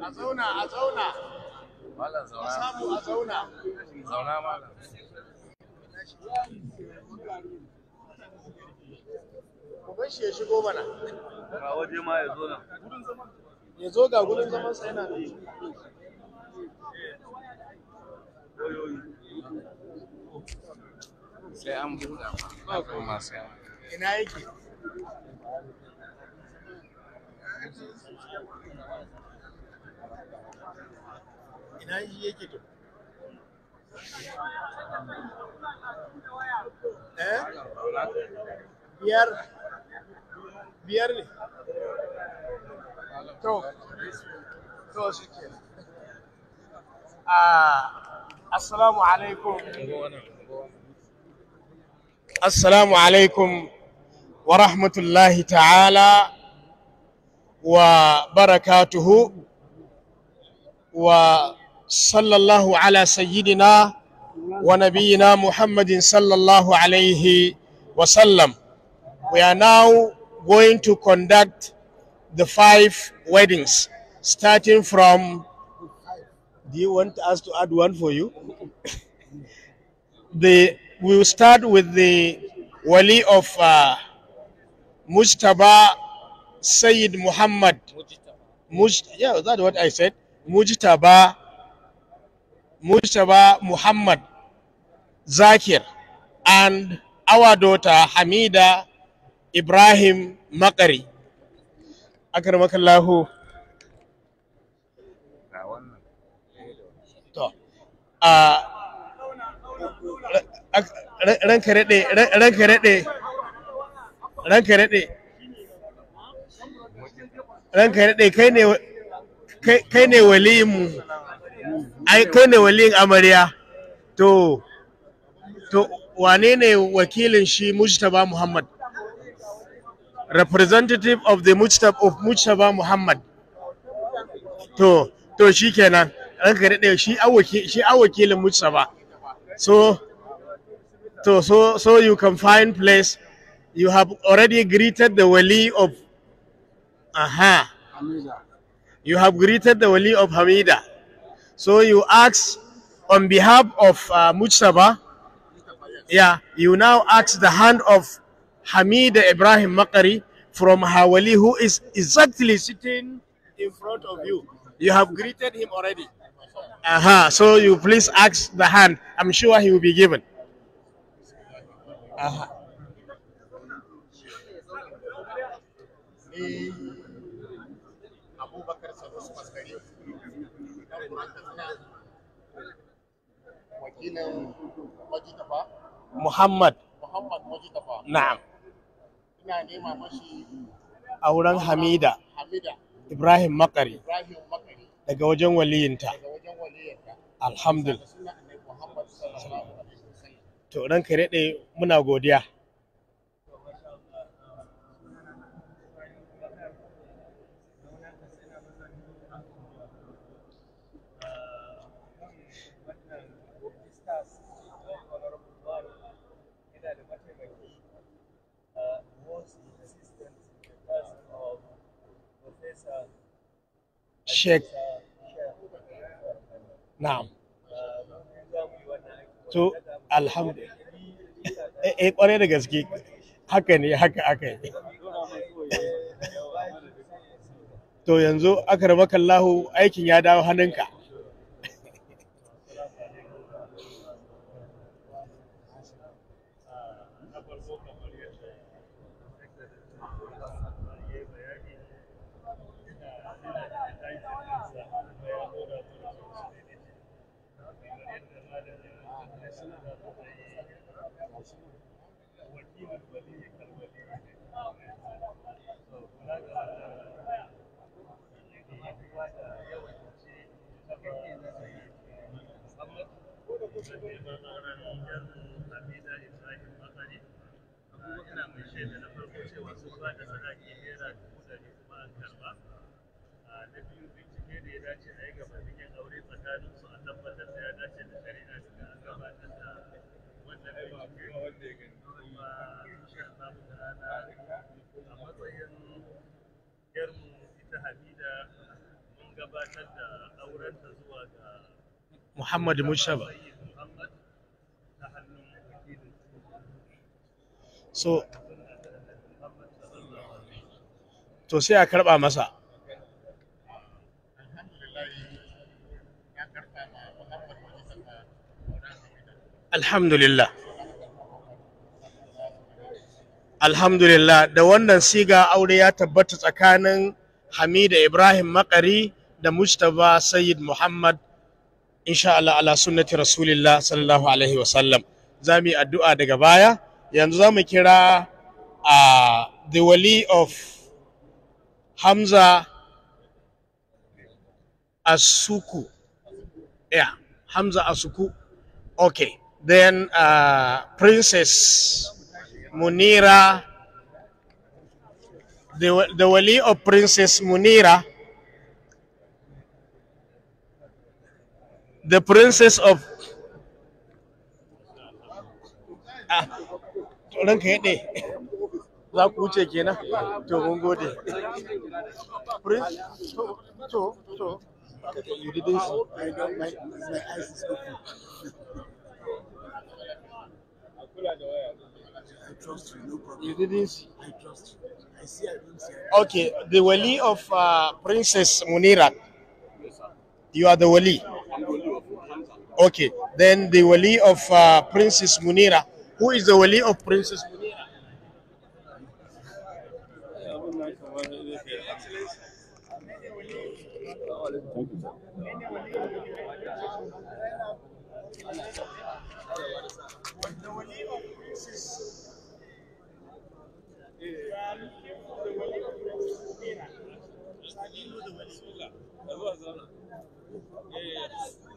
A zauna, a zauna. Malam zauna. zauna. shi ya shigo mana. Ga waje ma ya zo nan. Ya zo ga zaman sa yana Sai an buɗa ba Ina yake? ina yi yake to eh biyar biyar ne to to ah, assalamu alaikum assalamu alaikum wa rahmatullahi ta'ala wa barakatuhu wa صلى الله على سيدنا ونبينا sallallahu alayhi wasallam. We are now going to conduct the five weddings, starting from. Do you want us to add one for you? the we will start with the wali of uh, Mujtaba Sayyid Muhammad. Mujtaba. yeah, that's what I said. Mustaba. Mushaba Muhammad Zakir and our daughter Hamida Ibrahim Makari. Akaramakallahu. Uh, ranka daɗe ranka daɗe ranka ranka ne kai ne waliyinmu ai kai ne waliyin amarya to to wane ne wakilin shi mujtaba muhammad representative of the mujtaba of mujtaba muhammad to to shikenan ranka daɗe shi awaki shi awakilin mujtaba so so so you can find place you have already greeted the wali of aha you have greeted the wali of hamida so you ask on behalf of uh, Mujtaba, yeah, you now ask the hand of Hamid Ibrahim Makari from Hawali, who is exactly sitting in front of you. You have greeted him already. Uh -huh. So you please ask the hand. I'm sure he will be given. Uh -huh. wakilin muhammad muhammad na'am nema mashi auren hamida hamida ibrahim makari daga wajen waliyinta daga wajen waliyinta alhamdulillah to ranka daɗe muna godiya shek na'am to alhamdulillah eh, eh, da gaske haka ne haka aka yi to yanzu aka rabaka Allahu aikin ya dawo hannunka ina mai shaida na farko cewa sun ba da sadaki naira dubu ɗari kuma an karba na biyu bincike da ya dace a yi ga yin aure tsakanin su gabatar da aurenta zuwa ga Muhammad Mushaba so to sai a karɓa masa alhamdulillah alhamdulillah da wannan siga aure ya tabbata tsakanin hamida ibrahim makari da Mustapha Sayyid Muhammad insha Allah ala sunnati Rasulillah sallallahu alaihi wasallam za mu yi addu'a daga baya yanzu za mu kira a the wali of Hamza Asuku yeah Hamza Asuku okay then uh, Princess Munira the, the wali of Princess Munira the princess of Ah, to you didn't see i do my, my eyes is open I trust you, no problem. You didn't see? I trust you. I see, I don't see. okay, the wali of uh, Princess Munira. Yes, you are the wali. Okay. Then the wali of uh, Princess Munira. Who is the wali of Princess Munira?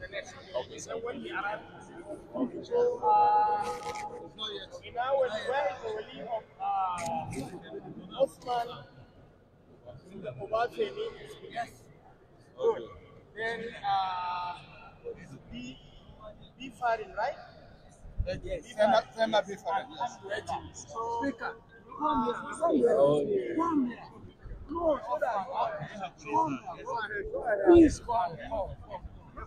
the next. Okay. So when we arrive, so uh, the relief of uh, Osman in the Yes. Good. Then uh, B, B Farin, right? Yes. Sema, Sema B Farin. Yes. So, Speaker, come here, come here, come here. Go, go, go, go,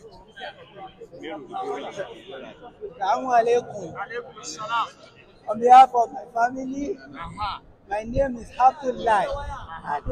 Assalamu On behalf of my family, my name is Hafizullah.